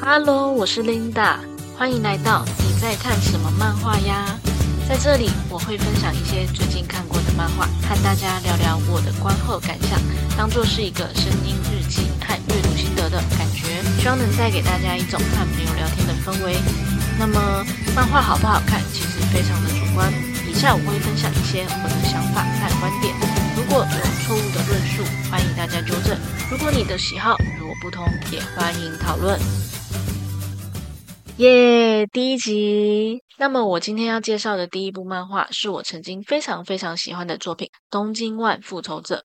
哈嘍，我是 Linda，歡迎來到你在看什麼漫畫呀？在這裡我會分享一些最近看過的漫畫，和大家聊聊我的觀後感想，當做是一個聲音日記和閱讀心得的感覺，希望能帶給大家一種和朋友聊天的氛圍。那麼漫畫好不好看，其實非常的主觀。以下我會分享一些我的想法和觀點，如果有錯誤的論述，歡迎大家糾正。如果你的喜好與我不同，也歡迎討論。耶、yeah！第一集。那麼，我今天要介紹的第一部漫畫是我曾經非常非常喜歡的作品《東京卍復仇者》。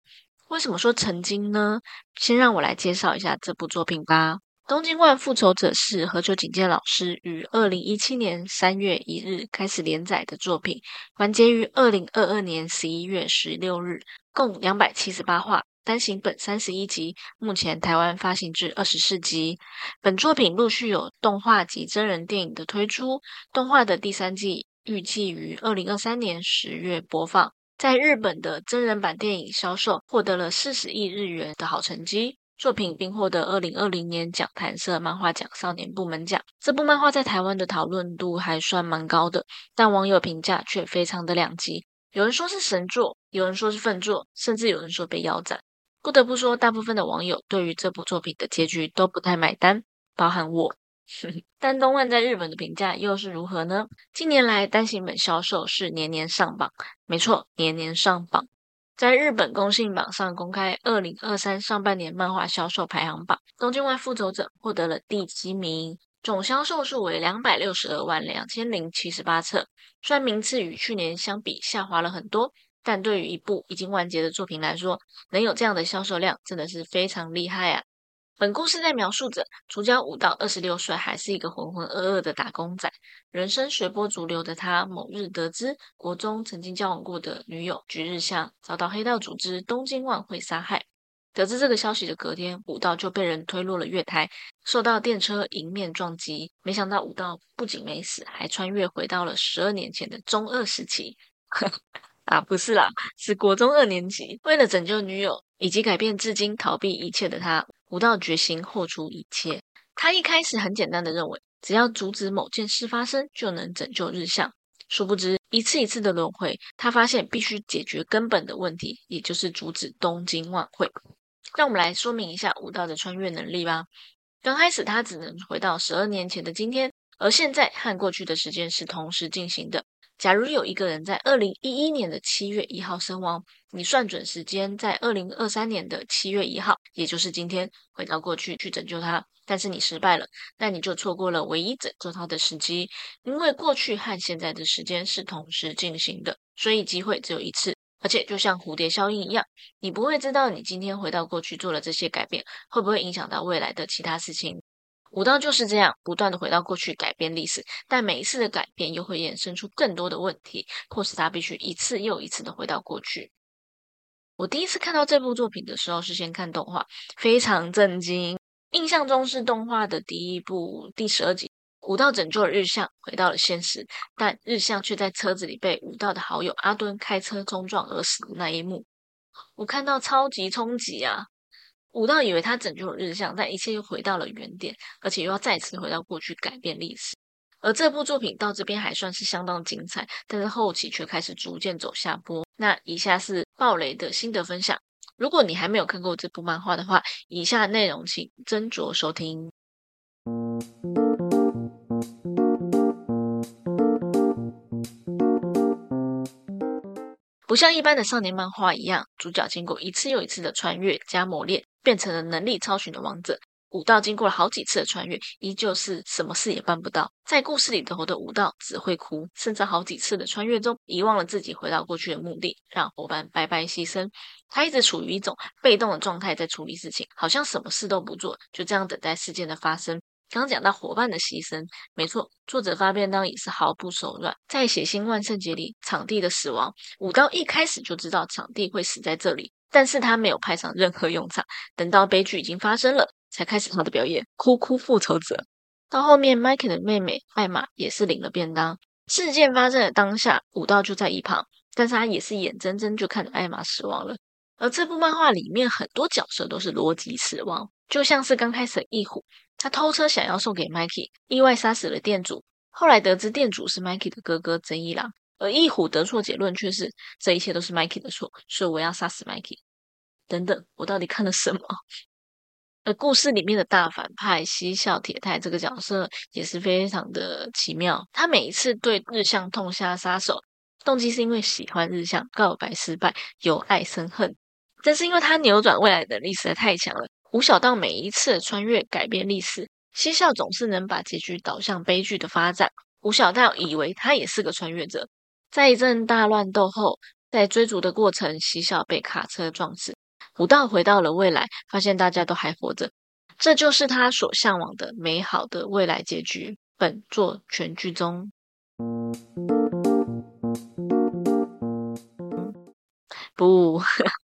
為什麼說曾經呢？先讓我來介紹一下這部作品吧。《東京卍復仇者》是和久井健老師於二零一七年三月一日開始連載的作品，完結於二零二二年十一月十六日，共兩百七十八話。單行本三十一集，目前台灣發行至二十四集。本作品陸續有動畫及真人電影的推出，動畫的第三季預計於二零二三年十月播放。在日本的真人版電影銷售獲得了四十億日元的好成績，作品並獲得二零二零年講談社漫畫獎少年部門獎。這部漫畫在台灣的討論度還算蠻高的，但網友評價卻非常的兩極。有人說是神作，有人說是糞作，甚至有人說被腰斬。不得不說，大部分的網友對於這部作品的結局都不太買單，包含我。 但東萬在日本的評價又是如何呢？近年來單行本銷售是年年上榜，沒錯，年年上榜。在日本公信榜上公開二零二三上半年漫畫銷售排行榜，《東京萬復仇者》獲得了第七名，總銷售數為兩百六十二萬兩千零七十八冊。雖然名次與去年相比下滑了很多。但對於一部已經完結的作品來說，能有這樣的銷售量，真的是非常厲害啊！本故事在描述着，主角武道二十六歲，還是一個渾渾噩噩的打工仔，人生隨波逐流的他，某日得知國中曾經交往過的女友橘日向遭到黑道組織東京卍會殺害。得知這個消息的隔天，武道就被人推落了月台，受到電車迎面撞擊。沒想到武道不僅沒死，還穿越回到了十二年前的中二時期。 啊，不是啦，是國中二年級。為了拯救女友以及改變至今逃避一切的他，武道決心豁出一切。他一開始很簡單的認為，只要阻止某件事發生，就能拯救日向。殊不知，一次一次的輪迴，他發現必須解決根本的問題，也就是阻止東京卍會。讓我們來說明一下武道的穿越能力吧。剛開始他只能回到十二年前的今天，而現在和過去的時間是同時進行的。假如有一個人在二零一一年的七月一號身亡，你算準時間在二零二三年的七月一號，也就是今天，回到過去去拯救他，但是你失敗了，那你就錯過了唯一拯救他的時機，因為過去和現在的時間是同時進行的，所以機會只有一次，而且就像蝴蝶效應一樣，你不會知道你今天回到過去做了這些改變，會不會影響到未來的其他事情。武道就是這樣不斷的回到過去改變歷史，但每一次的改變又會衍生出更多的問題，迫使他必須一次又一次的回到過去。我第一次看到這部作品的時候是先看動畫，非常震驚。印象中是動畫的第一部第十二集，武道拯救了日向，回到了現實，但日向卻在車子裡被武道的好友阿敦開車衝撞而死的那一幕，我看到超級衝擊啊！武道以為他拯救了日向，但一切又回到了原點，而且又要再次回到過去改變歷史。而這部作品到這邊還算是相當精彩，但是後期卻開始逐漸走下坡。那以下是暴雷的心得分享。如果你還沒有看過這部漫畫的話，以下的內容請斟酌收聽。不像一般的少年漫畫一樣，主角經過一次又一次的穿越加磨練。變成了能力超群的王者，武道經過了好幾次的穿越，依舊是什麼事也辦不到。在故事裡頭的武道只會哭，甚至好幾次的穿越中，遺忘了自己回到過去的目的，讓夥伴白白犧牲。他一直處於一種被動的狀態，在處理事情，好像什麼事都不做，就這樣等待事件的發生。剛剛講到夥伴的犧牲，沒錯，作者發便當也是毫不手軟。在《血腥萬聖節》裡，場地的死亡，武道一開始就知道場地會死在這裡，但是他沒有派上任何用場。等到悲劇已經發生了，才開始他的表演，哭哭復仇者。到後面，Mike 的妹妹艾瑪也是領了便當。事件發生的當下，武道就在一旁，但是他也是眼睜睜就看着艾瑪死亡了。而這部漫畫裡面很多角色都是邏輯死亡，就像是剛開始的一虎。他偷車想要送給 Mikey，意外殺死了店主。後來得知店主是 Mikey 的哥哥真一郎，而一虎得出的結論卻是這一切都是 Mikey 的錯，所以我要殺死 Mikey。等等，我到底看了什麼？而故事裡面的大反派稀咲鐵太這個角色也是非常的奇妙，他每一次對日向痛下殺手，動機是因為喜歡日向，告白失敗，由愛生恨，但是因為他扭轉未來的能力實在太強了。吳小道每一次穿越改變歷史，稀咲總是能把結局導向悲劇的發展。吳小道以為他也是個穿越者，在一陣大亂鬥後，在追逐的過程，稀咲被卡車撞死。武道回到了未來，發現大家都還活着，這就是他所向往的美好的未來結局。本作全劇終，嗯。不。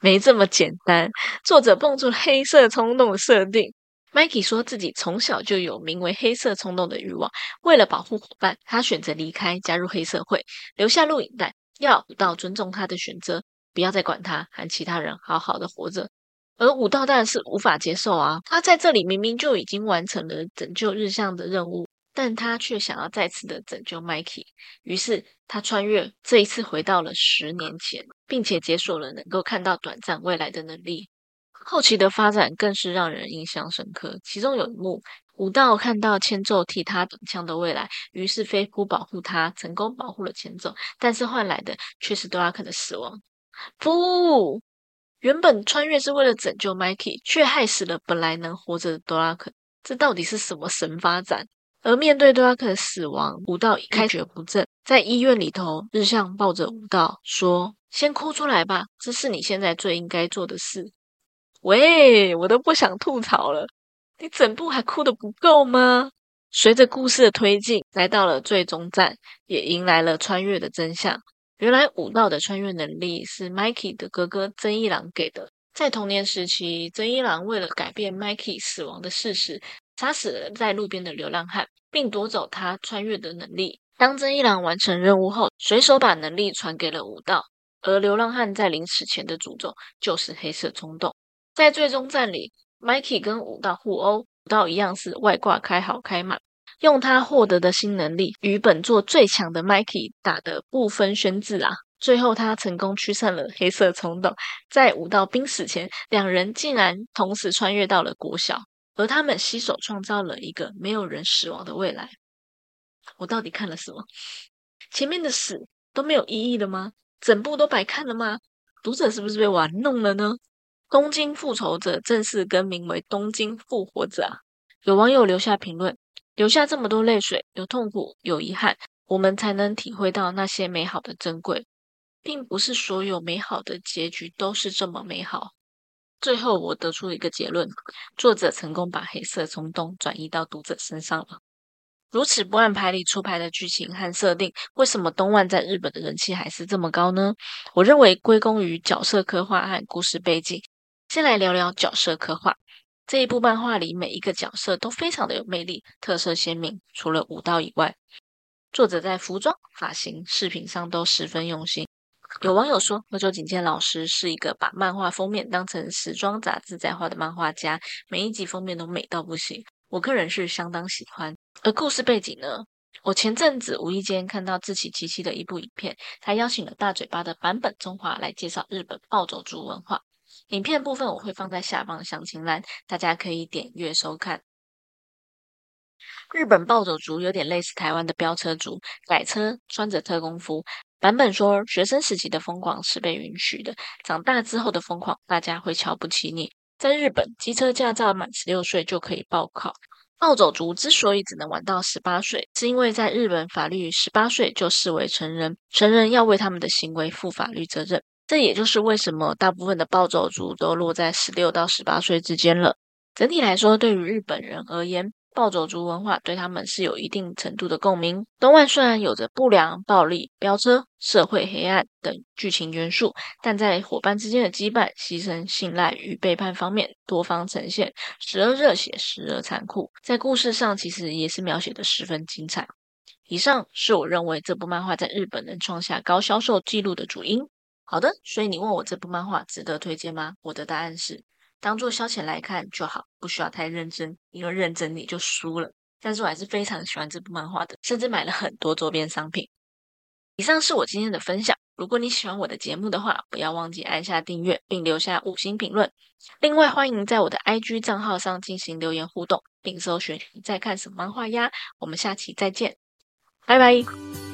沒這麼簡單。作者蹦出黑色衝動設定。Mikey 說自己從小就有名為黑色衝動的慾望。為了保護夥伴，他選擇離開，加入黑社會，留下錄影帶。要武道尊重他的選擇，不要再管他，和其他人好好的活着。而武道當然是無法接受啊！他在這裡明明就已經完成了拯救日向的任務。但他卻想要再次的拯救 Mikey，於是他穿越，這一次回到了十年前，並且解鎖了能夠看到短暫未來的能力。後期的發展更是讓人印象深刻，其中有一幕，武道看到千咒替他擋槍的未來，於是飛撲保護他，成功保護了千咒，但是換來的卻是多拉克的死亡。不，原本穿越是為了拯救 Mikey，卻害死了本來能活着的多拉克，這到底是什麼神發展？而面對多拉克的死亡，武道一蹶不振，在醫院裡頭，日向抱着武道說：“先哭出來吧，這是你現在最應該做的事。”喂，我都不想吐槽了，你整部還哭得不夠嗎？隨着故事的推進，來到了最終站，也迎來了穿越的真相。原來武道的穿越能力是 Mikey 的哥哥真一郎給的。在童年時期，真一郎為了改變 Mikey 死亡的事實。殺死了在路邊的流浪漢，並奪走他穿越的能力。當真一郎完成任務後，隨手把能力傳給了武道。而流浪漢在臨死前的詛咒就是黑色衝動。在最終戰裡，Mikey 跟武道互毆，武道一樣是外掛開好開滿，用他獲得的新能力與本作最強的 Mikey 打得不分軒輊啊！最後他成功驅散了黑色衝動。在武道瀕死前，兩人竟然同時穿越到了國小。而他們攜手創造了一個沒有人死亡的未來。我到底看了什麼？前面的死都沒有意義了嗎？整部都白看了嗎？讀者是不是被玩弄了呢？東京復仇者正式更名為東京復活者啊！有網友留下評論：留下這麼多淚水，有痛苦，有遺憾，我們才能體會到那些美好的珍貴，並不是所有美好的結局都是這麼美好。最後，我得出了一個結論：作者成功把黑色衝動轉移到讀者身上了。如此不按牌理出牌的劇情和設定，為什麼東卍在日本的人氣還是這麼高呢？我認為歸功於角色刻畫和故事背景。先來聊聊角色刻畫。這一部漫畫裡每一個角色都非常的有魅力，特色鮮明。除了武道以外，作者在服裝、髮型、飾品上都十分用心。有網友說，和久井健老師是一個把漫畫封面當成時裝雜誌在畫的漫畫家，每一集封面都美到不行。我個人是相當喜歡。而故事背景呢？我前陣子無意間看到志祺七七的一部影片，他邀請了大嘴巴的坂本宗華來介紹日本暴走族文化。影片部分我會放在下方的詳情欄，大家可以點閱收看。日本暴走族有點類似台灣的飆車族，改車，穿着特攻服。版本說，學生時期的瘋狂是被允許的。長大之後的瘋狂，大家會瞧不起你。在日本，機車駕照滿十六歲就可以報考。暴走族之所以只能玩到十八歲，是因為在日本法律十八歲就視為成人，成人要為他們的行為負法律責任。這也就是為什麼大部分的暴走族都落在十六到十八歲之間了。整體來說，對於日本人而言，暴走族文化對他們是有一定程度的共鳴。東卍雖然有着不良、暴力、飆車、社會黑暗等劇情元素，但在夥伴之間的羈絆、犧牲、信賴與背叛方面，多方呈現，時而熱血，時而殘酷。在故事上，其實也是描寫的十分精彩。以上是我認為這部漫畫在日本能創下高銷售紀錄的主因。好的，所以你問我這部漫畫值得推薦嗎？我的答案是。當做消遣來看就好，不需要太認真，因為認真你就輸了。但是我還是非常喜歡這部漫畫的，甚至買了很多周邊商品。以上是我今天的分享，如果你喜歡我的節目的話，不要忘記按下訂閱並留下五星評論。另外，歡迎在我的 IG 賬號上進行留言互動，並搜尋你在看什麼漫畫呀。我們下期再見，拜拜。